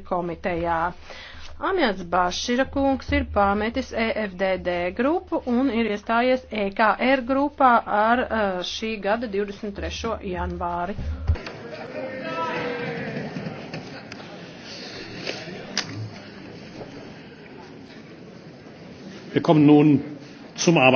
komitejā. Amjats Bašira kungs ir pametis EFDD grupu un ir iestājies EKR grupā ar uh, šī gada 23. janvāri. Wir kommen nun zum Arbeit.